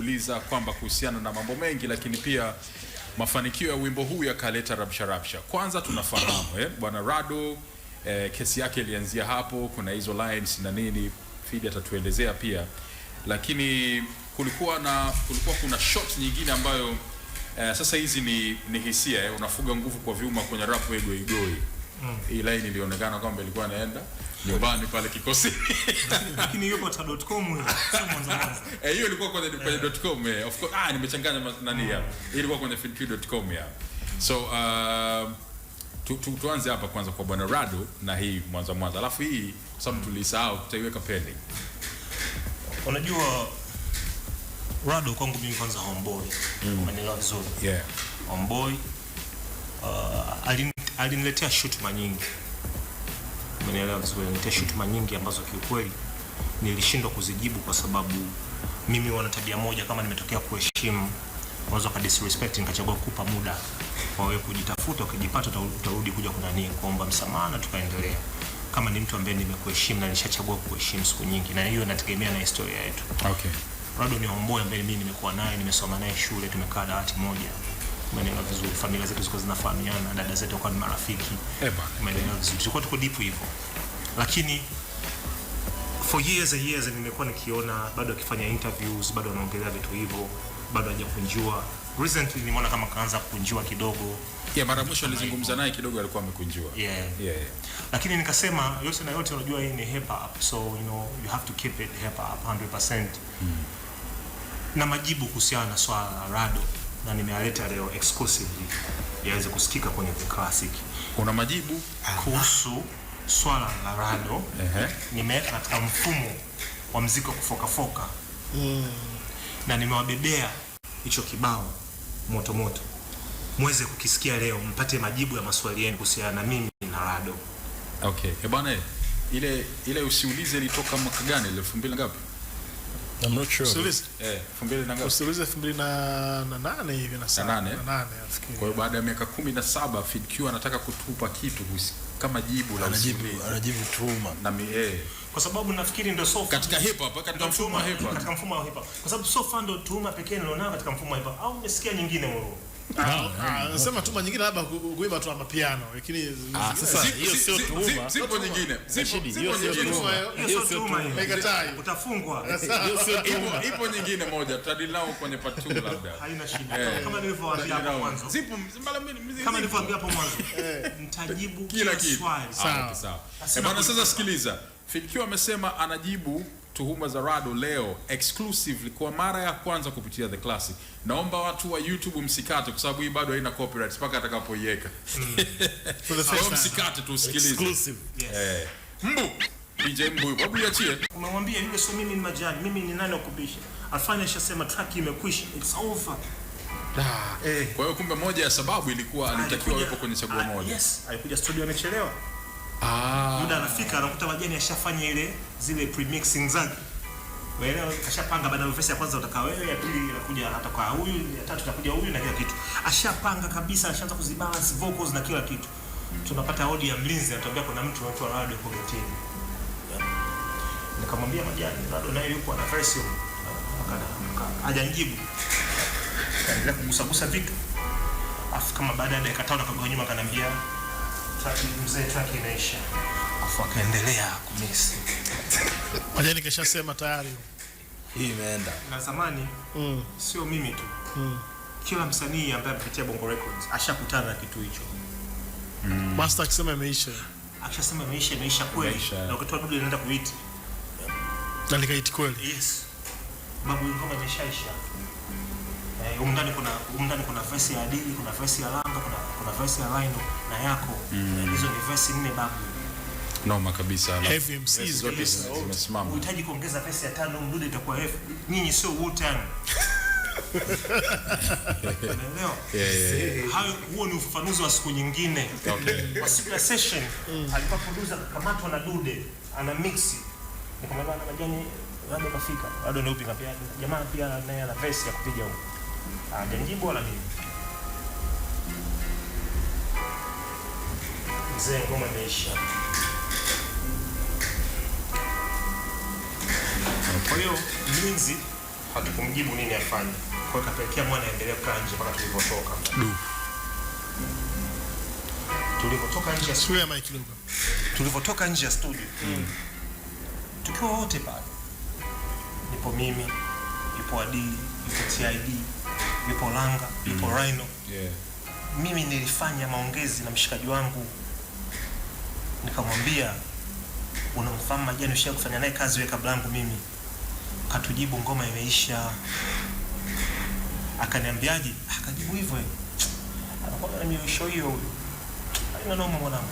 kuuliza kwamba kuhusiana na mambo mengi, lakini pia mafanikio ya wimbo huu yakaleta rabsha rabsha. Kwanza tunafahamu eh, bwana Rado eh, kesi yake ilianzia hapo, kuna hizo lines na nini, Fidi atatuelezea pia, lakini kulikuwa na kulikuwa kuna shot nyingine ambayo eh, sasa hizi ni, ni hisia eh, unafuga nguvu kwa vyuma kwenye rap wegoi goi mm. Hii line ilionekana kwamba ilikuwa inaenda nyumbani pale kikosini, lakini yupo ta.com eh, hiyo ilikuwa kwenye kwenye .com eh, of course ah, nimechanganya nani ya ilikuwa kwenye finq.com ya So uh, tu, tu, tuanze hapa kwanza kwa bwana Rado na hii mwanzo mwanzo, alafu hii kwa sababu tulisahau, tutaiweka pending. Unajua Rado kwangu mimi kwanza homeboy, umenielewa mm. vizuri yeah, homeboy uh, aliniletea shutuma nyingi Umenielewa vizuri, nitia shutuma nyingi ambazo kiukweli nilishindwa kuzijibu kwa sababu mimi wana tabia moja, kama nimetokea kuheshimu unaweza ka disrespect, nikachagua kukupa muda kwa wewe kujitafuta, ukijipata utarudi kuja kunani kuomba msamaha na tukaendelea. Kama ni mtu ambaye nimekuheshimu na nishachagua kuheshimu siku nyingi, na hiyo inategemea na historia yetu. Okay, Rado ni homeboy ambaye mimi nimekuwa naye, nimesoma naye shule, tumekaa dawati moja umeelewa vizuri, familia zetu zilikuwa zinafahamiana, dada zetu kwa ni marafiki, eh, umeelewa vizuri, tulikuwa tuko deep hivyo, lakini for years and years nimekuwa nikiona bado akifanya interviews, bado anaongelea vitu hivyo, bado hajakunjua. Recently nimeona kama kaanza kukunjua kidogo. Yeah, mara mwisho nilizungumza naye kidogo alikuwa amekunjua. Yeah. Yeah, yeah. Lakini nikasema yote na yote, unajua hii ni hip hop, so you know you have to keep it hip hop 100%. Mm. Na majibu kuhusiana na swala la Rado na nimealeta leo exclusively yaweze kusikika kwenye The Classic. Kuna majibu kuhusu swala la Rado? uh -huh. Nimeweka katika mfumo wa mziki wa kufokafoka mm. na nimewabebea hicho kibao moto moto, mweze kukisikia leo, mpate majibu ya maswali yenu kuhusiana na mimi na Rado. Okay, eh, bwana, eh, ile ile usiulize ilitoka mwaka gani? elfu mbili ngapi? I'm not sure. Eh, 2000 na ngapi? 2008 hivi na 8 nafikiri. Kwa hiyo baada ya miaka 17 FIDQ anataka kutupa kitu kama jibu la anajibu anajibu Na mi eh. Kwa sababu nafikiri ndio sofa katika hip hop, katika mfumo wa hip hop. Katika mfumo wa hip hop. Kwa sababu sofa ndio pekee nilionao katika mfumo wa hip hop. Au umesikia nyingine Ah, ah, Sema tuma nyingine labda kuimba tu mapiano, lakini sasa hiyo sio tuma. Sipo nyingine. Hiyo sio tuma. Umekatai. Utafungwa. Hiyo sio tuma. Ipo nyingine moja tutadili nao kwenye part 2 labda. Haina shida. Eh, kama nilivyowaambia hapo mwanzo. Zipo kama nilivyowaambia hapo mwanzo. Nitajibu kila swali. Ah, sawa. Sawa. Eh, bwana sasa sikiliza. Fikio amesema anajibu tuhuma za Rado leo exclusively kwa mara ya kwanza kupitia The Classic. Naomba watu wa YouTube msikate kwa sababu hii bado haina copyright mpaka atakapoiweka. Mm. msikate tu tusikilize. Exclusive. Yes. Eh. Mbu. DJ Mbu, hebu iachie. Umemwambia yule sio mimi ni majani, mimi ni nani wakupisha? Afanya shasema track imekwisha. It's over. Da, eh. Kwa hiyo kumbe moja ya sababu ilikuwa alitakiwa awepo kwenye chaguo ah, moja. Yes, alikuja studio amechelewa ah. Muda anafika anakuta majani ashafanya ile zile premixing zake, wewe kashapanga ya vesi ya kwanza utakao wewe, ya pili inakuja hata kwa huyu, ya tatu itakuja huyu na kila kitu ashapanga kabisa, ashaanza kuzibalance vocals na kila kitu. Tunapata audio ya mlinzi anatuambia kuna mtu anaitwa radio kwa getini, nikamwambia majani bado naye yuko na verse hiyo, akana hajanijibu, kaendelea kugusagusa vitu afu kama baada ya dakika tano akageuka nyuma akaniambia akaendelea kumisi. Moja nikishasema tayari hii imeenda. Na zamani mm. sio mimi tu mm. kila msanii ambaye amepitia Bongo Records ashakutana na kitu hicho mm. Master akisema imeisha, akishasema imeisha, imeisha kweli, na ukitoa dudu inaenda kuiti na likaiti kweli. Yes, babu ngoma imeshaisha Eh, huko kuna huko kuna verse ya Adili, kuna verse ya Langa, kuna kuna verse ya Rhino na yako. Mm. Hizo ni verse nne babu. Noma kabisa. Heavy MC zote zimesimama. Unahitaji kuongeza verse ya tano mdude itakuwa heavy. Nyinyi sio Wu-Tang. Huo ni ufafanuzi wa siku nyingine. Kwa siku ya session mm. alikuwa producer kamatwa na dude ana mix. Nikamwambia na majani bado kafika. Bado ni upi kapi. Jamaa pia naye ana verse ya kupiga huko. Ah, Amenijibu wala mimi? Mzee, ngoma imeisha. Kwa hiyo mlinzi hatukumjibu nini afanye, kwa hiyo kapelekea mwana aendelee kukaa nje mpaka tulipotoka. Tulipotoka nje ya studio, tulipotoka nje ya studio mm. tukiwa wote pale, nipo mimi, nipo Adili, yupo TID yupo Langa, yupo mm. Rhino yeah. Mimi nilifanya maongezi na mshikaji wangu nikamwambia, unamfahamu Majani, ushia kufanya naye kazi, kabla yangu mimi. Katujibu ngoma imeisha. Akaniambiaje? Akajibu hivyo anakwambia mimi show hiyo huyo haina noma mwanangu.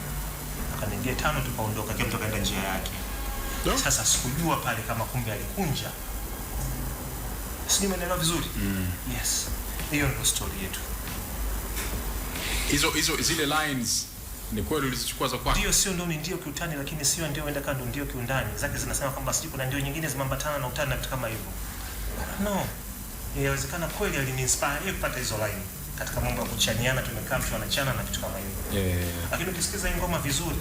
Akaniingia tano, tukaondoka, kila mtu akaenda njia yake. No? Sasa sikujua pale kama kumbe alikunja, sijui, umeelewa vizuri? mm. yes hiyo ndio story yetu. Hizo hizo zile lines ni kweli ulizichukua za kwako? Ndio, sio ndio, ni ndio kiutani, lakini sio ndio enda kando, ndio kiundani zake zinasema kwamba sijui kuna ndio nyingine zimambatana na utani na vitu kama hivyo. No, inawezekana kweli aliniinspire yeye kupata hizo line katika mambo ya kuchaniana, tumekaa mtu anachana na vitu kama hivyo yeah, yeah, yeah. Lakini ukisikiza ngoma vizuri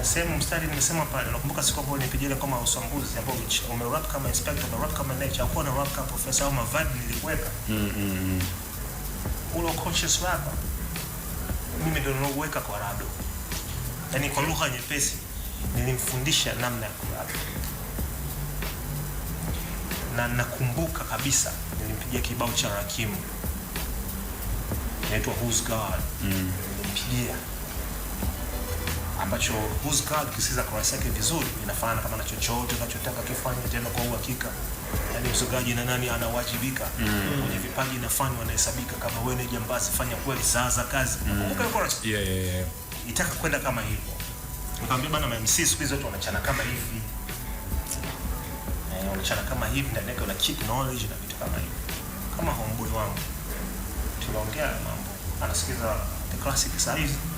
kuna mstari nimesema pale, nakumbuka siku ambayo nilipigia kama usambuzi ambao ume rap kama inspector, ume rap kama nature, hakuwa na rap kama professor au mavadi nilikuweka. mm -hmm. Ulo conscious wrap mimi ndio nilikuweka kwa Rado, yani kwa lugha nyepesi nilimfundisha namna ya kurap, na nakumbuka kabisa nilimpigia kibao cha Rakimu. inaitwa Who's God mm. nilimpigia ambacho whose card kisiza kwa sake vizuri inafanana kama na chochote unachotaka kifanye tena kwa uhakika. Yaani msugaji na nani anawajibika. Mm. Kwenye vipaji na fani wanahesabika kama wewe ni jambazi fanya kweli zaza kazi. Mm. Kumbuka mm. chorus. Yeah yeah yeah. Itaka kwenda kama hivyo. Nikamwambia bana MC siku hizo watu wanachana kama hivi. Eh, wanachana kama hivi ndani yake una kick knowledge na vitu kama hivyo. Kama homeboy wangu. Tunaongea mambo. Anasikiza the classic size.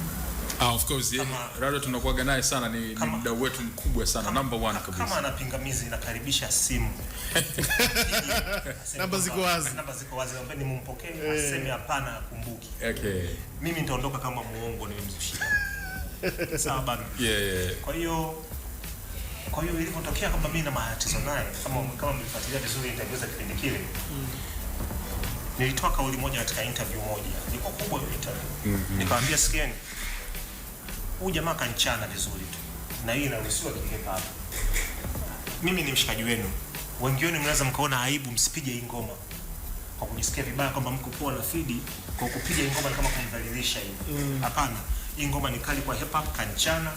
Ah, of course yeah. Rado tunakuaga naye sana ni, ni mdau wetu mkubwa sana kama, number one kabisa. Kama anapingamizi pingamizi nakaribisha simu. Namba ziko wazi. Namba ziko wazi. ambaye ni mumpokee hey. Eh. aseme hapana akumbuki. Okay. Mimi nitaondoka kama muongo nimemzushia. Sawa bana. Yeah, yeah. Kwa hiyo kwa hiyo ilipotokea kama mimi na matatizo naye kama kama mlifuatilia vizuri interview za kipindi kile. Mm. Nilitoa kauli moja katika interview moja. Ilikuwa kubwa hiyo interview. Mm -hmm. Nikamwambia sikieni huyu jamaa kanchana vizuri tu, na hii inaruhusiwa kipeka hapa. Mimi ni mshikaji wenu, wengi wenu mnaweza mkaona aibu, msipige hii ngoma kwa kujisikia vibaya kwamba mko kwa na feed kwa kupiga hii ngoma kama kumdhalilisha hivi. Mm. Hapana, hii ngoma ni kali kwa hip hop. Kanchana,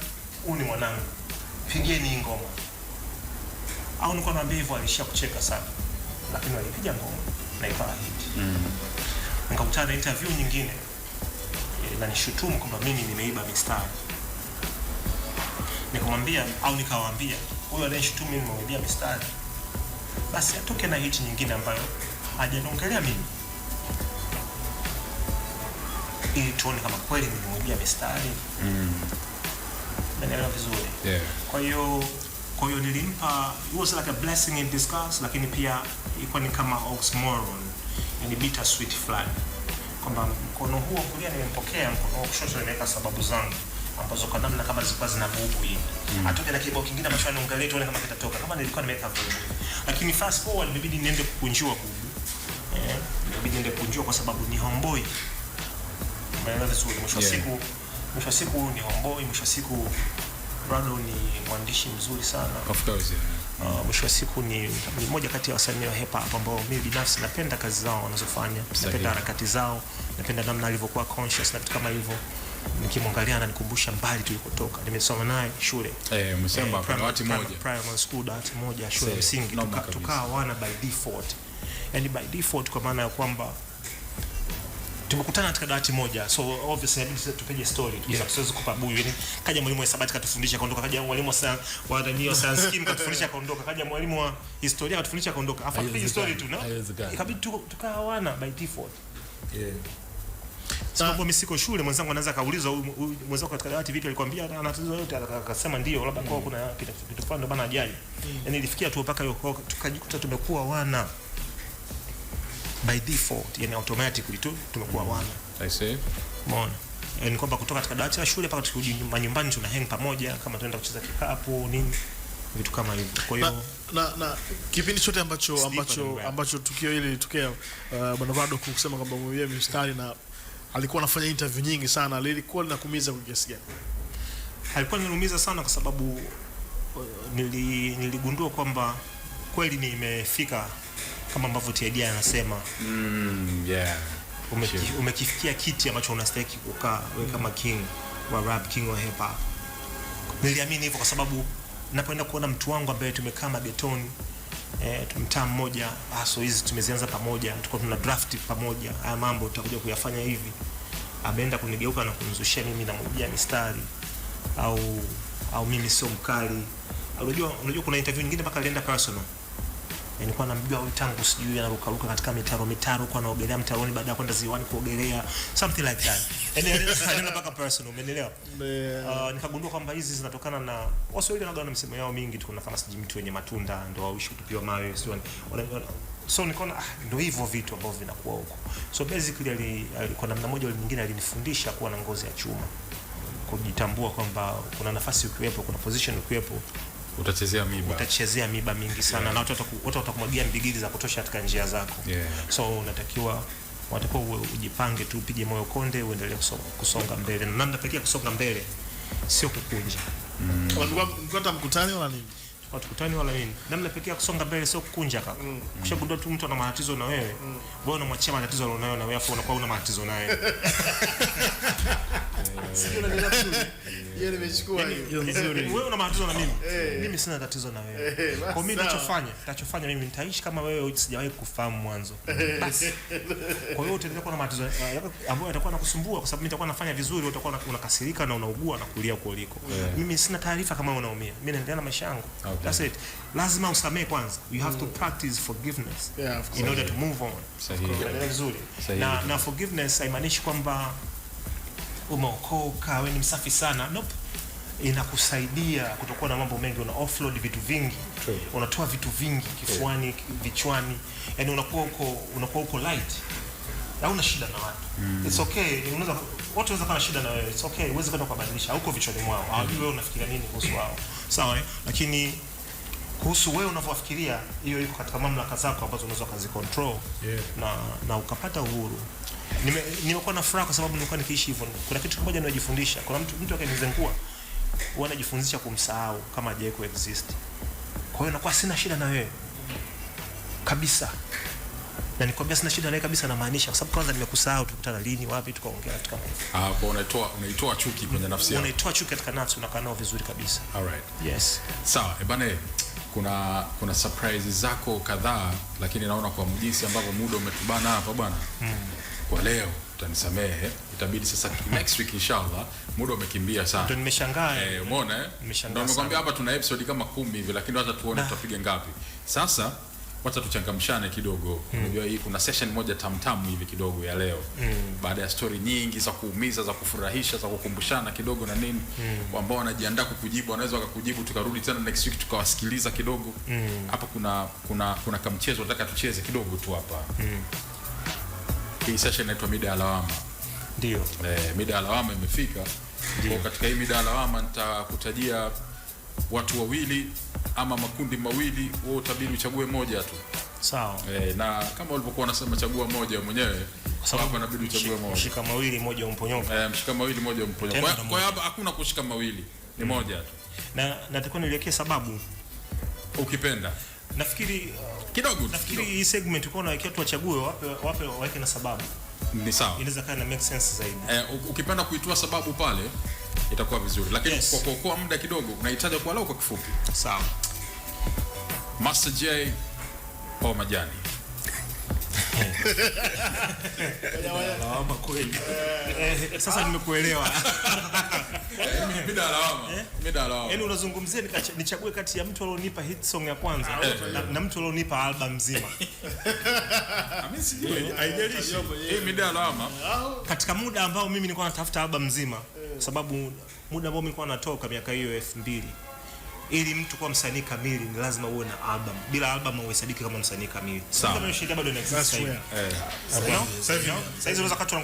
huyu ni mwanangu, pigeni hii ngoma. Au nilikuwa naambia hivyo, kucheka sana, lakini walipiga ngoma na ikawa hit. Mm. Nikakutana interview nyingine inanishutumu kwamba mimi nimeiba mistari nikamwambia au nikawaambia huyo anayeshutumu mimi nimemwambia mistari, basi atoke na hichi nyingine ambayo hajaniongelea mimi, ili tuone kama kweli nilimwambia mistari mm. Naelewa vizuri yeah. Kwa hiyo kwa hiyo nilimpa, it was like a blessing in disguise, lakini pia ilikuwa ni kama oxymoron, yani bitter sweet fulani, kwamba mkono huo kulia nimempokea, mkono huo kushoto nimeweka sababu zangu ambazo kwa namna kama zilikuwa zina vugu hivi mm. atoke na kibao kingine ambacho anaangalia tuone kama kitatoka kama nilikuwa nimeweka vugu, lakini fast forward nibidi niende kukunjua kugu eh, nibidi niende kukunjua kwa sababu ni homeboy, Maana umeelewa vizuri. Mwisho siku mwisho siku ni homeboy, mwisho siku Brado ni mwandishi mzuri sana of course yeah. Uh, mwisho wa siku ni, ni moja kati ya wasanii wa hip hop ambao mimi binafsi napenda kazi zao wanazofanya, napenda harakati zao, napenda namna alivyokuwa conscious na vitu kama hivyo nikimwangalia ananikumbusha mbali tulikotoka. Nimesoma naye shule eh, eh, dawati moja shule ya msingi, tukawa wana by default, yani by default, kwa maana ya kwamba tumekutana katika dawati moja, so obviously inabidi tupige story sababu siwezi kupa buyu. Yani kaja mwalimu wa hisabati katufundisha kaondoka, kaja mwalimu wa wa science kim katufundisha kaondoka, kaja mwalimu wa historia katufundisha kaondoka, afa tupige story tu na ikabidi tukawa wana by default yeah sababu mimi siko shule, mwenzangu anaweza kauliza mwenzangu katika dawati vipi alikwambia ana tatizo yote, akasema ndio, labda kwa kuna kitu kitu fulani bana ajali. Mm. Yani ilifikia tu mpaka hiyo tukajikuta tumekuwa wana by default, yani automatically tu tumekuwa mm. wana. I see, umeona yaani ni kwamba kutoka katika dawati la shule mpaka tukirudi nyumbani, tuna hang pamoja, kama tunaenda kucheza kikapu nini, vitu kama hivyo. Kwa hiyo na na kipindi chote ambacho ambacho ambacho tukio hili litokea, uh, bwana Vado kusema kwamba yeye mstari na alikuwa anafanya interview nyingi sana, lilikuwa linakuumiza kwa kiasi gani? Alikuwa nilumiza sana kwa sababu uh, nili, niligundua kwamba kweli nimefika kama ambavyo TD anasema mm, yeah. Ume, sure. Umekifikia kiti ambacho unastahili kukaa wewe kama king wa rap, king wa hip hop. Niliamini hivyo kwa sababu napoenda kuona mtu wangu ambaye tumekaa magetoni E, mtaa mmoja aso ah, hizi tumezianza pamoja, tulikuwa tuna draft pamoja, haya mambo tutakuja kuyafanya hivi. Ameenda kunigeuka na kunizushia mimi namwibia mistari au au mimi sio mkali. Unajua, unajua kuna interview nyingine mpaka alienda personal nilikuwa namjua huyu tangu sijui anarukaruka katika mitaro mitaro, kwa naogelea mtaroni baada ya kwenda ziwani kuogelea, something like that, yani yaani, mpaka personal, umeelewa? Uh, nikagundua kwamba hizi zinatokana na Waswahili wanaga na msemo yao mingi tu, kuna kama sijui mtu wenye matunda ndio aushi kutupiwa mawe, sio so nikaona ah, ndio hivyo vitu ambavyo vinakuwa huko. So basically ali, ali, kwa namna moja au nyingine alinifundisha kuwa na ngozi ya chuma, kujitambua kwamba kuna nafasi ukiwepo, kuna position ukiwepo utachezea miba, utachezea miba mingi sana yeah. na watu watakumwagia mbigili za kutosha katika njia zako yeah. so unatakiwa watakuwa ujipange tu, upige moyo konde, uendelee kusonga kusonga mbele, na namna pekee ya kusonga mbele sio kukunja. mm. Mlikuwa mkutani wala nini? Tukutani wala nini? Namna pekee ya kusonga mbele sio kukunja kaka. mm. Ukishagundua tu mtu ana matatizo na wewe, mm. wewe unamwachia matatizo alionayo, na wewe afu unakuwa una matatizo naye. Sio, unaelewa vizuri yeye nimechukua yaani, hiyo nzuri. Eh. mimi, sina tatizo na wewe. Eh, kwa mimi ninachofanya, ninachofanya mimi nitaishi kama wewe sijawahi kufahamu mwanzo. Eh. Basi. Kwa hiyo utaendelea kuwa na matatizo ambayo yatakuwa yanakusumbua kwa sababu mimi nitakuwa nafanya vizuri, utakuwa unakasirika na unaugua na kulia kuliko. Mimi sina taarifa kama unaumia. Mimi naendelea na maisha yangu. That's it. Lazima usamehe kwanza. You have to mm. practice forgiveness in order to move on. Sahihi. na forgiveness haimaanishi kwamba umeokoka, we ni msafi sana nope. Inakusaidia kutokuwa na mambo mengi, una offload vitu vingi True. Unatoa vitu vingi kifuani yeah. Vichwani, yani unakuwa uko unakuwa uko light, hauna shida na watu mm. It's okay, unaweza watu wanaweza kuwa na shida na wewe, it's okay, uweze kwenda kubadilisha, hauko vichwani mwao mm. Hawajui wewe unafikiria nini kuhusu wao, sawa eh, lakini kuhusu wewe unavyofikiria, hiyo iko katika mamlaka zako ambazo unaweza kuzicontrol yeah. na na ukapata uhuru nime, nimekuwa na furaha kwa sababu nilikuwa nikiishi hivyo. Kuna kitu kimoja ninajifundisha, kuna mtu mtu akinizengua huwa najifundisha kumsahau kama hajawahi ku exist. Kwa hiyo nakuwa sina shida na wewe kabisa, na nikwambia sina shida wewe kabisa, namaanisha kwa sababu kwanza nimekusahau, tukutana lini, wapi, tukaongea katika ah, kwa unaitoa unaitoa chuki kwenye nafsi yako, unaitoa chuki katika nafsi, unakaa nao vizuri kabisa. All right, yes, sawa. So, ebane kuna kuna surprises zako kadhaa, lakini naona kwa jinsi ambavyo muda umetubana hapa bwana mm. kwa leo utanisamehe, itabidi sasa next week inshallah. Muda umekimbia sana, ndio nimeshangaa eh, umeona eh, ndio nimekwambia hapa tuna episode kama kumi hivi, lakini hata tuone tutapiga ngapi sasa wacha tuchangamshane kidogo. Hmm. Unajua mm. hii kuna session moja tamtamu hivi kidogo ya leo mm. baada ya story nyingi za kuumiza, za kufurahisha, za kukumbushana kidogo na nini mm. ambao wanajiandaa kukujibu, wanaweza wakakujibu, tukarudi tena next week tukawasikiliza kidogo hmm. hapa mm. kuna kuna kuna kamchezo nataka tucheze kidogo tu hapa mm. hii session inaitwa mida ya lawama, ndio eh, mida ya lawama imefika. Kwa katika hii mida ya lawama nitakutajia watu wawili ama makundi mawili, wewe utabidi uchague moja tu. Sawa. Eh, na kama walivyokuwa wanasema chagua moja mwenyewe sababu inabidi uchague moja. Mshika mawili moja umponyoka. Eh, mshika mawili moja umponyoka. Kwa hiyo hapa hakuna kushika mawili, ni hmm, moja tu. Na natakuwa niliwekea sababu ukipenda. Nafikiri uh, kidogo. Nafikiri hii segment uko na watu wachague wape wape waweke na sababu ni sawa, inaweza kana make sense zaidi. Eh, ukipenda kuitoa sababu pale itakuwa vizuri, lakini yes. Kwa kuokoa muda kidogo unahitaji kwa kwa kifupi. Sawa, Master J au majani lawama eh, kweli. Sasa nimekuelewa yaani unazungumzia nichague kati ya mtu alionipa hit song ya kwanza ah, eh, na, na mtu alionipa album nzima ah, eh, katika muda ambao mimi nilikuwa natafuta album nzima, kwa sababu muda ambao nilikuwa natoka miaka hiyo elfu mbili ili mtu kuwa msanii kamili ni lazima uwe na album. Bila album hauhesabiki kama msanii kamili. Sawa. Bado eh.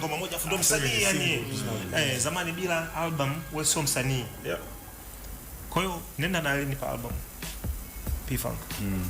moja eh, zamani bila album wewe sio msanii. Kwa hiyo nenda na alini pa album. P-Funk. Mm.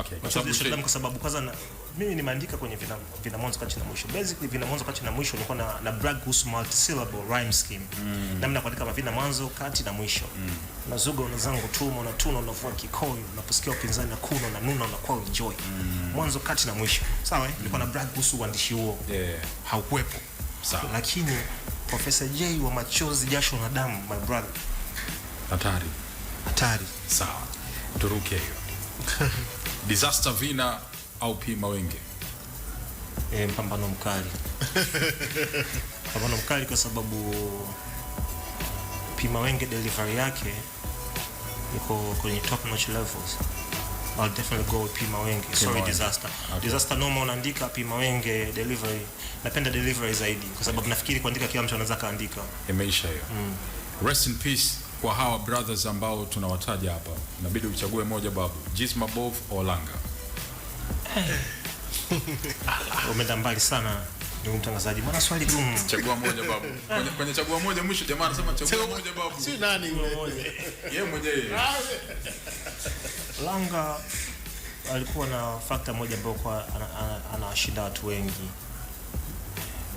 Okay. Kwa sababu kwanza mimi nimeandika kwenye vina, vina mwanzo kati na mwisho. Basically vina mwanzo kati na mwisho na, na brag kuhusu multi syllable rhyme scheme. Mm. Namna kuandika vina mwanzo kati na mwisho. Mm. tu unavua unaposikia upinzani na kuno na nuna na kwao enjoy. Mm. Mwanzo kati na mwisho. Sawa eh? Mm. na brag kuhusu uandishi huo. Yeah. Sawa. Lakini Professor J wa machozi jasho na damu my brother. Hatari. Hatari. Sawa. Turuke hiyo. disaster vina au pima wenge? E, mpambano mkali mpambano mkali kwa sababu pima wenge delivery yake iko kwenye top notch levels. I'll definitely go with pima wenge. Pima sorry wenge. Disaster. Okay. Disaster noma unaandika pima wenge delivery. Napenda delivery zaidi kwa sababu nafikiri kuandika kila mtu anaweza kaandika. Imeisha hiyo. Mm. Rest in peace kwa hawa brothers ambao tunawataja hapa, inabidi uchague moja babu, Jisma Bov au Langa. Umeenda mbali sana ndugu mtangazaji, mbona swali gumu. Chagua moja babu, kwenye, kwenye chagua moja mwisho, jamaa anasema chagua moja babu. Si nani yule? Yeye mwenyewe Langa alikuwa na factor moja ambayo kwa anawashinda ana, ana, ana watu wengi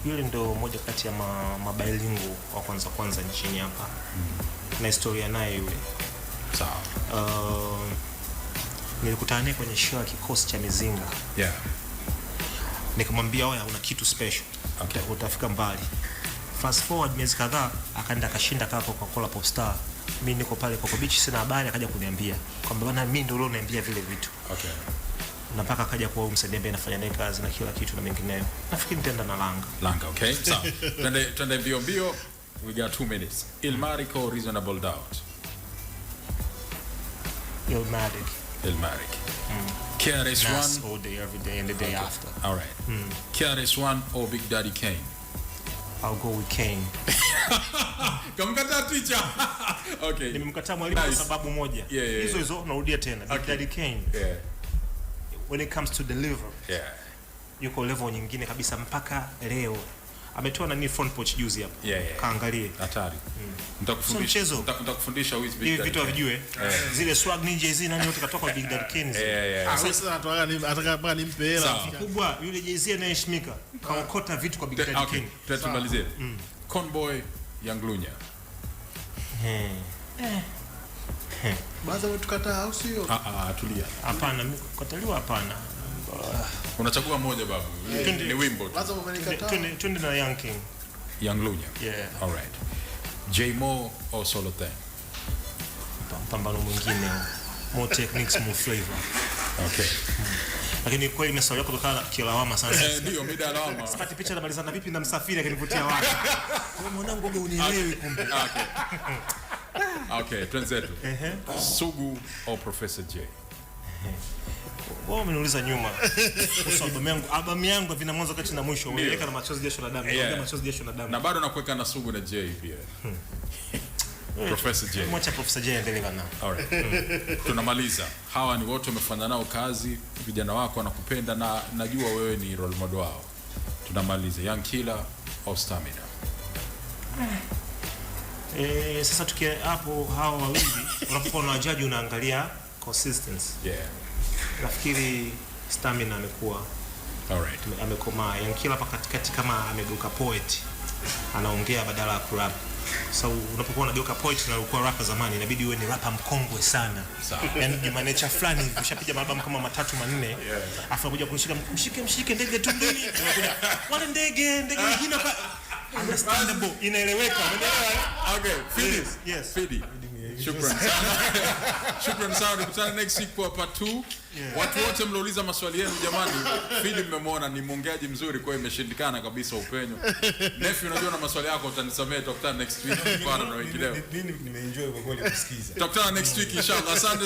Kiukweli ndo moja kati ya ma, mabailingu wa kwanza kwanza nchini hapa mm. na historia naye yule sawa. Uh, um, nilikutana naye kwenye show ya kikosi cha Mizinga yeah. Nikamwambia oya, una kitu special okay. Utafika mbali. Fast forward miezi kadhaa, akaenda akashinda kapo kwa Coca-Cola star mi niko pale kwa kobichi sina habari. Akaja kuniambia kwamba bana, mi ndio leo naambia vile vitu okay na mpaka akaja kuwa msaidia ambaye anafanya naye kazi na kila kitu na mengineyo. Nafikiri nitaenda na Langa. Langa, okay. Sawa. So, twende twende mbio mbio. We got 2 minutes. Ilmarik or Reasonable Doubt? Ilmarik. Ilmarik. Mm. KRS-One all day every day and the day okay. after. All right. Mm. KRS-One or Big Daddy Kane? I'll go with Kane. Kamkata teacher. Okay. Nimemkata mwalimu kwa sababu moja. Hizo hizo narudia tena. Big Daddy Kane. Yeah when it comes to delivery yeah, yuko level nyingine kabisa mpaka leo ametoa nani front porch juzi hapo yeah, yeah, kaangalie hatari. Nitakufundisha mm. nitakufundisha with Big hivi vitu vijue yeah. zile swag ninja hizi nani wote katoka kwa Big Daddy Yeah, yeah. Ah, sasa, anataka ataka mpaka nimpe hela kubwa yule jezi anaheshimika. kaokota vitu kwa Big Daddy Kane. Tutamalizie mm. Conboy Yanglunya hmm. eh, eh. Baza umetukataa au sio? Ah ah, tulia. Hapana, mimi kukataliwa hapana. Unachagua moja babu. Eh, ni wimbo. Baza umenikataa. Twende na Young King. Young Lunya. Yeah. All right. J Mo au Solo Ten? Pambano mwingine. More techniques, more flavor. Okay. Lakini kweli yako kutokana kilawama sana. Eh, ndio mida lawama. Sipati picha na malizana vipi na msafiri akinivutia wapi? Kwa mwanangu, unielewi kumbe. Okay. Okay, twenzetu. Sugu au Professor J? Wao wameniuliza nyuma. Kuhusu albamu yangu, albamu ah, yangu vina mwanzo kati na mwisho, weka na machozi jasho na damu, yeah. Machozi jasho na damu. Na bado nakuweka na Sugu na J pia. Hmm. Professor J. Mwacha Professor J endelee bana. All right. Hmm. Tunamaliza. Hawa ni wote wamefanya nao kazi, vijana wako wanakupenda na najua wewe ni role model wao. Tunamaliza. Young Killer au Stamina? Hmm. E, sasa tukia hapo hao wawili unapokuwa na wajaji unaangalia consistency. Yeah. Nafikiri stamina amekuwa All right. amekomaa. Yaani kila hapa katikati kama amegeuka poet anaongea badala ya kurap. So unapokuwa unageuka poet na ulikuwa rapper zamani inabidi uwe ni rapper mkongwe sana. Sawa. Yaani ni manager fulani ushapiga mabamu kama matatu manne. Yeah. Afu unakuja kunishika mshike mshike ndege tu ndege. Wale ndege ndege nyingine understandable, inaeleweka. yes. Fidi. Shukran Shukran sana, tukutane next week kwa part 2. Yeah. Watu wote mliouliza maswali yenu jamani, Fidi mmemwona ni mwongeaji mzuri, kwa imeshindikana kabisa upenyo. Nefi, unajua na maswali yako utanisamee tukutane next week na wengineo. Nimeenjoy kwa kweli kusikiza. next week inshallah. Asante.